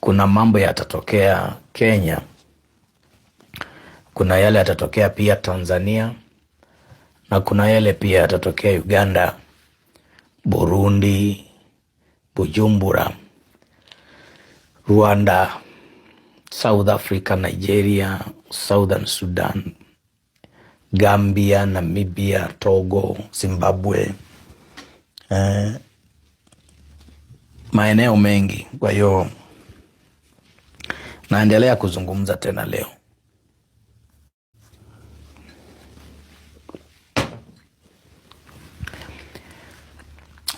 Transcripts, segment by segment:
kuna mambo yatatokea Kenya, kuna yale yatatokea pia Tanzania na kuna yale pia yatatokea Uganda, Burundi, Bujumbura, Rwanda, South Africa, Nigeria, Southern Sudan, Gambia, Namibia, Togo, Zimbabwe, eh, maeneo mengi. Kwa hiyo naendelea kuzungumza tena leo.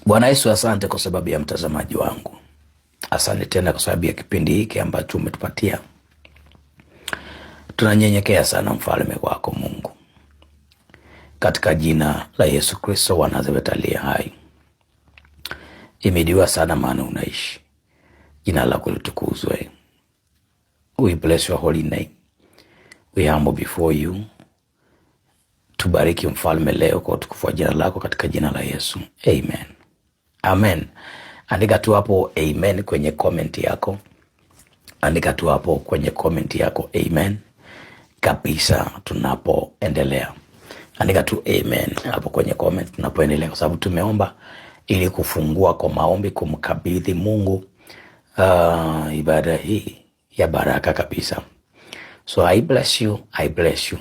Bwana Yesu, asante kwa sababu ya mtazamaji wangu, asante tena kwa sababu ya kipindi hiki ambacho umetupatia. Tunanyenyekea sana mfalme wako Mungu, katika jina la Yesu Kristo wa Nazareti aliye hai. Imidiwa sana, maana unaishi. Jina lako litukuzwe. We bless your holy name. We humble before you. Tubariki mfalme leo kwa utukufu wa jina lako katika jina la Yesu. Amen. Amen. Andika tu hapo amen kwenye comment yako. Andika tu hapo kwenye comment yako amen. Kabisa tunapoendelea. Andika tu amen hapo kwenye comment tunapoendelea kwa sababu tumeomba ili kufungua kwa maombi kumkabidhi Mungu uh, ibada hii ya baraka kabisa. So I bless you, I bless you.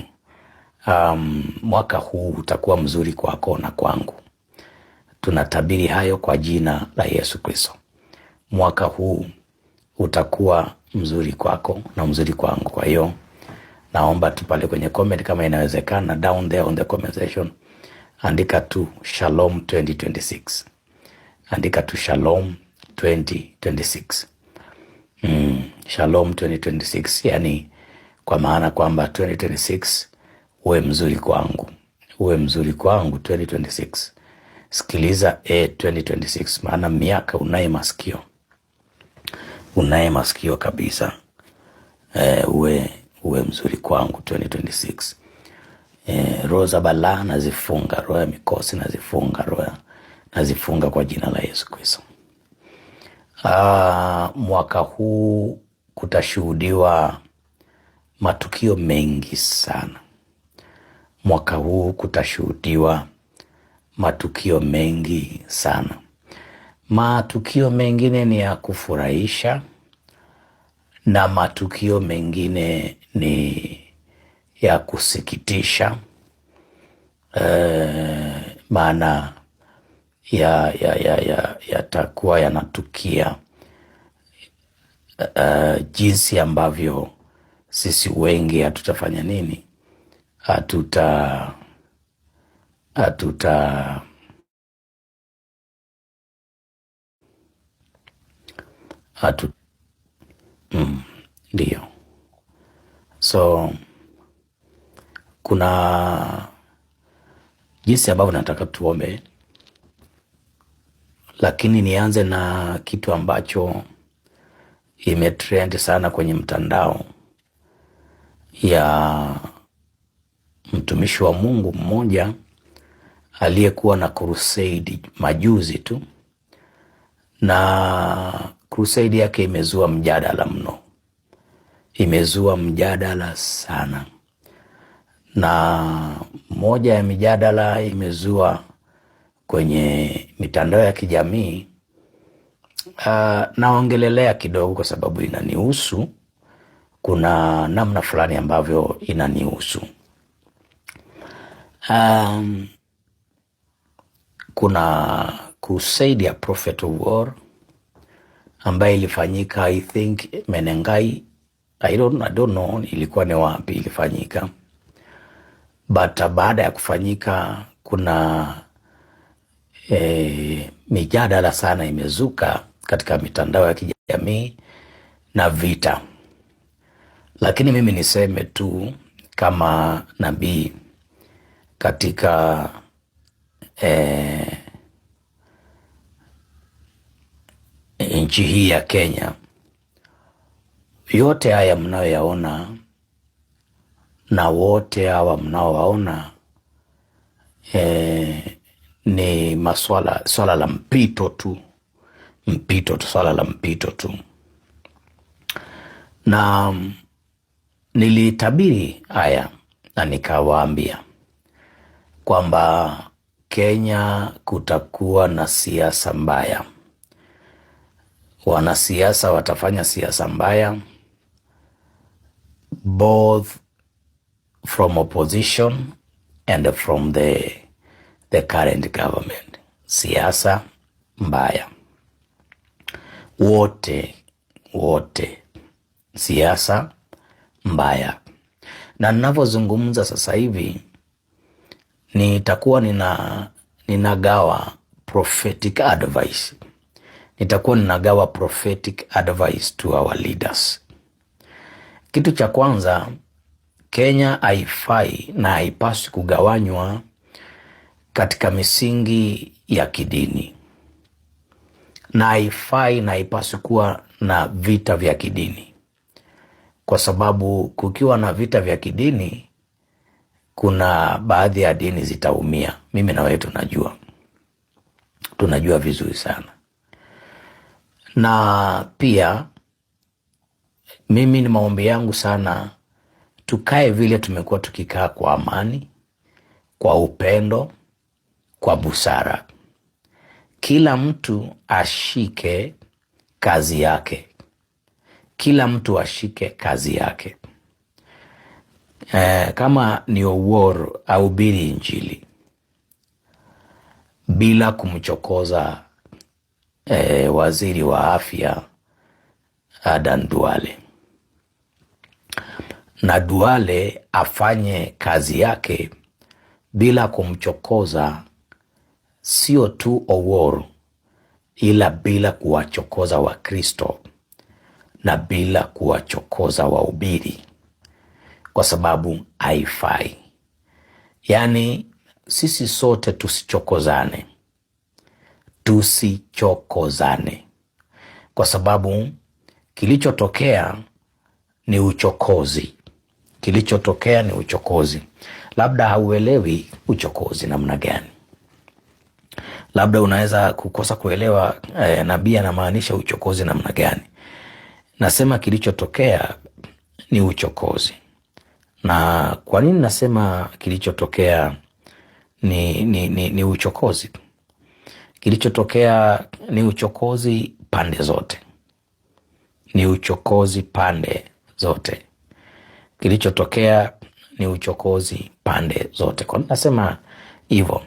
Um, mwaka huu utakuwa mzuri kwako na kwangu. Tunatabiri hayo kwa jina la Yesu Kristo. Mwaka huu utakuwa mzuri kwako na mzuri kwangu. Kwa hiyo naomba tu pale kwenye comment kama inawezekana, down there on the comment section andika tu Shalom 2026, andika tu Shalom 2026 mm, Shalom 2026, yani kwa maana kwamba 2026 uwe mzuri kwangu, uwe mzuri kwangu 2026. Sikiliza e 2026, maana miaka unaye masikio, unaye masikio kabisa e, uwe uwe mzuri kwangu 2026. E, roho za balaa nazifunga, roho ya mikosi nazifunga, roho nazifunga kwa jina la Yesu Kristo. Uh, mwaka huu kutashuhudiwa matukio mengi sana. Mwaka huu kutashuhudiwa matukio mengi sana. Matukio mengine ni ya kufurahisha na matukio mengine ni ya kusikitisha. Uh, maana yatakuwa ya, ya, ya yanatukia uh, jinsi ambavyo sisi wengi hatutafanya nini, hatuta hatuta hatu ndiyo. Mm, so kuna jinsi ambavyo nataka tuombe lakini nianze na kitu ambacho imetrend sana kwenye mtandao ya mtumishi wa Mungu mmoja aliyekuwa na crusade majuzi tu, na crusade yake imezua mjadala mno, imezua mjadala sana, na moja ya mijadala imezua kwenye mitandao ya kijamii uh, naongelelea kidogo kwa sababu inanihusu. Kuna namna fulani ambavyo inanihusu. Um, kuna crusade ya Prophet of War ambaye ilifanyika I think Menengai, I don't, I don't know ilikuwa ni wapi ilifanyika, but baada ya kufanyika kuna e, mijadala sana imezuka katika mitandao ya kijamii na vita, lakini mimi niseme tu kama nabii katika e, nchi hii ya Kenya, yote haya mnayoyaona na wote hawa mnaowaona e, ni maswala swala la mpito tu, mpito tu, swala la mpito tu. Na mm, nilitabiri haya na nikawaambia kwamba Kenya kutakuwa na siasa mbaya, wanasiasa watafanya siasa mbaya both from opposition and from the the current government. Siasa mbaya, wote wote, siasa mbaya. Na ninavyozungumza sasa hivi nitakuwa nina ninagawa prophetic advice, nitakuwa ninagawa prophetic advice to our leaders. Kitu cha kwanza, Kenya haifai na haipaswi kugawanywa katika misingi ya kidini, na haifai na haipaswi kuwa na vita vya kidini, kwa sababu kukiwa na vita vya kidini, kuna baadhi ya dini zitaumia. Mimi na wewe tunajua, tunajua vizuri sana. Na pia mimi ni maombi yangu sana, tukae vile tumekuwa tukikaa kwa amani, kwa upendo kwa busara. Kila mtu ashike kazi yake, kila mtu ashike kazi yake. E, kama ni au biri Injili bila kumchokoza e, waziri wa afya Adan Duale, na Duale afanye kazi yake bila kumchokoza sio tu Owuor ila bila kuwachokoza Wakristo na bila kuwachokoza wahubiri, kwa sababu haifai. Yaani sisi sote tusichokozane, tusichokozane, kwa sababu kilichotokea ni uchokozi. Kilichotokea ni uchokozi. Labda hauelewi uchokozi namna gani labda unaweza kukosa kuelewa eh, nabii anamaanisha uchokozi namna gani. Nasema kilichotokea ni uchokozi. Na kwa nini nasema kilichotokea ni, ni, ni, ni uchokozi? Kilichotokea ni uchokozi pande zote, ni uchokozi pande zote. Kilichotokea ni uchokozi pande zote. Kwa nini nasema hivyo?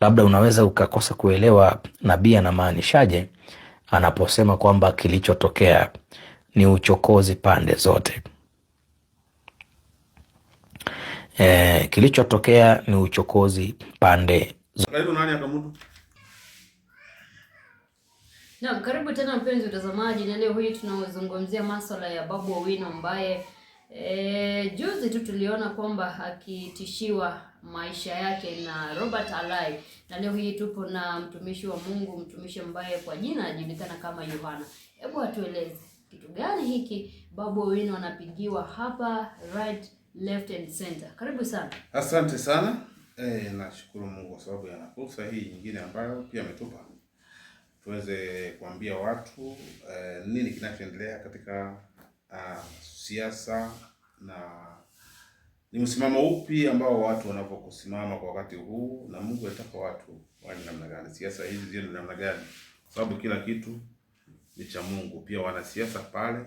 labda unaweza ukakosa kuelewa nabii anamaanishaje anaposema kwamba kilichotokea ni uchokozi pande zote. E, kilichotokea ni uchokozi pande zote. karibu tena mpenzi utazamaji, na leo hii tunazungumzia masuala ya Babu Owino ambaye E, juzi tu tuliona kwamba akitishiwa maisha yake na Robert Alai, na leo hii tupo na mtumishi wa Mungu, mtumishi ambaye kwa jina anajulikana kama Yohana. Hebu atueleze kitu gani hiki Babu Owino anapigiwa hapa right, left and center? Karibu sana. Asante sana. Eh, nashukuru Mungu kwa sababu yana fursa hii nyingine ambayo pia ametupa tuweze kuambia watu eh, nini kinachoendelea katika Uh, siasa na ni msimamo upi ambao watu wanavyokusimama kwa wakati huu, na Mungu anataka watu wani namna gani, siasa hizi zio ni namna gani, kwa sababu kila kitu ni cha Mungu. Pia wanasiasa pale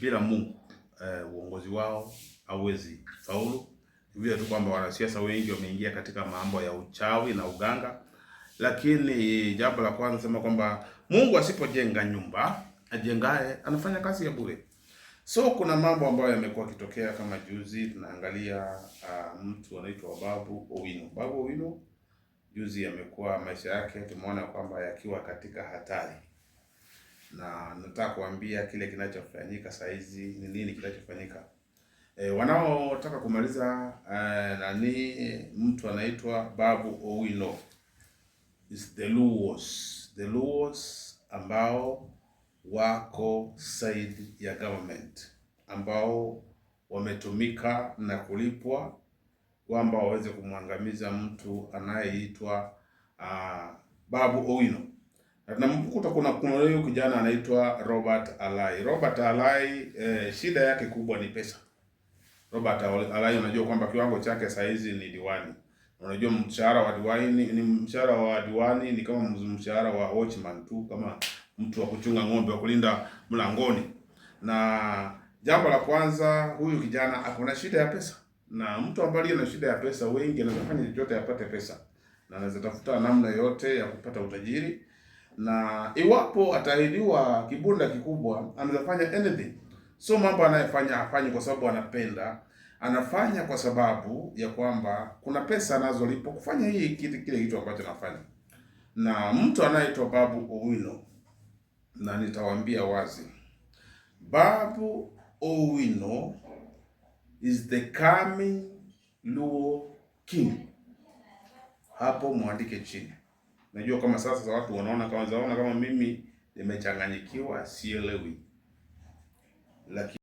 bila Mungu eh, uongozi wao hauwezi faulu. Vile tu kwamba wanasiasa wengi wameingia katika mambo ya uchawi na uganga, lakini jambo la kwanza sema kwamba Mungu asipojenga nyumba, ajengae anafanya kazi ya bure. So kuna mambo ambayo yamekuwa kitokea kama juzi tunaangalia uh, mtu anaitwa Babu Owino. Babu Owino juzi amekuwa maisha yake tumeona kwamba yakiwa katika hatari, na nataka kuambia kile kinachofanyika saa hizi ni nini kinachofanyika. E, wanaotaka kumaliza uh, nani mtu anaitwa Babu Owino is the Luos, the Luos ambao wako side ya government ambao wametumika na kulipwa kwamba waweze kumwangamiza mtu anayeitwa uh, Babu Owino. Namkuta kuna huyu kijana anaitwa Robert Alai. Robert Alai eh, shida yake kubwa ni pesa. Robert Alai unajua kwamba kiwango chake saa hizi ni diwani. Unajua mshahara wa diwani ni mshahara wa diwani ni kama mshahara wa watchman tu kama mtu wa kuchunga ng'ombe, wa kulinda mlangoni. Na jambo la kwanza, huyu kijana ako na shida ya pesa, na mtu ambaye ana shida ya pesa, wengi anaweza fanya chochote apate pesa, na anaweza tafuta namna yote ya kupata utajiri, na iwapo ataahidiwa kibunda kikubwa, anaweza fanya anything. So mambo anayefanya afanye kwa sababu anapenda anafanya kwa sababu ya kwamba kuna pesa anazolipo kufanya hii kile kitu ambacho anafanya. Na mtu anayeitwa Babu Owino na nitawaambia wazi. Babu Owino is the coming Luo king. Hapo mwandike chini. Najua kama sasa watu wanaona kama zaona kama mimi nimechanganyikiwa, sielewi. Lakini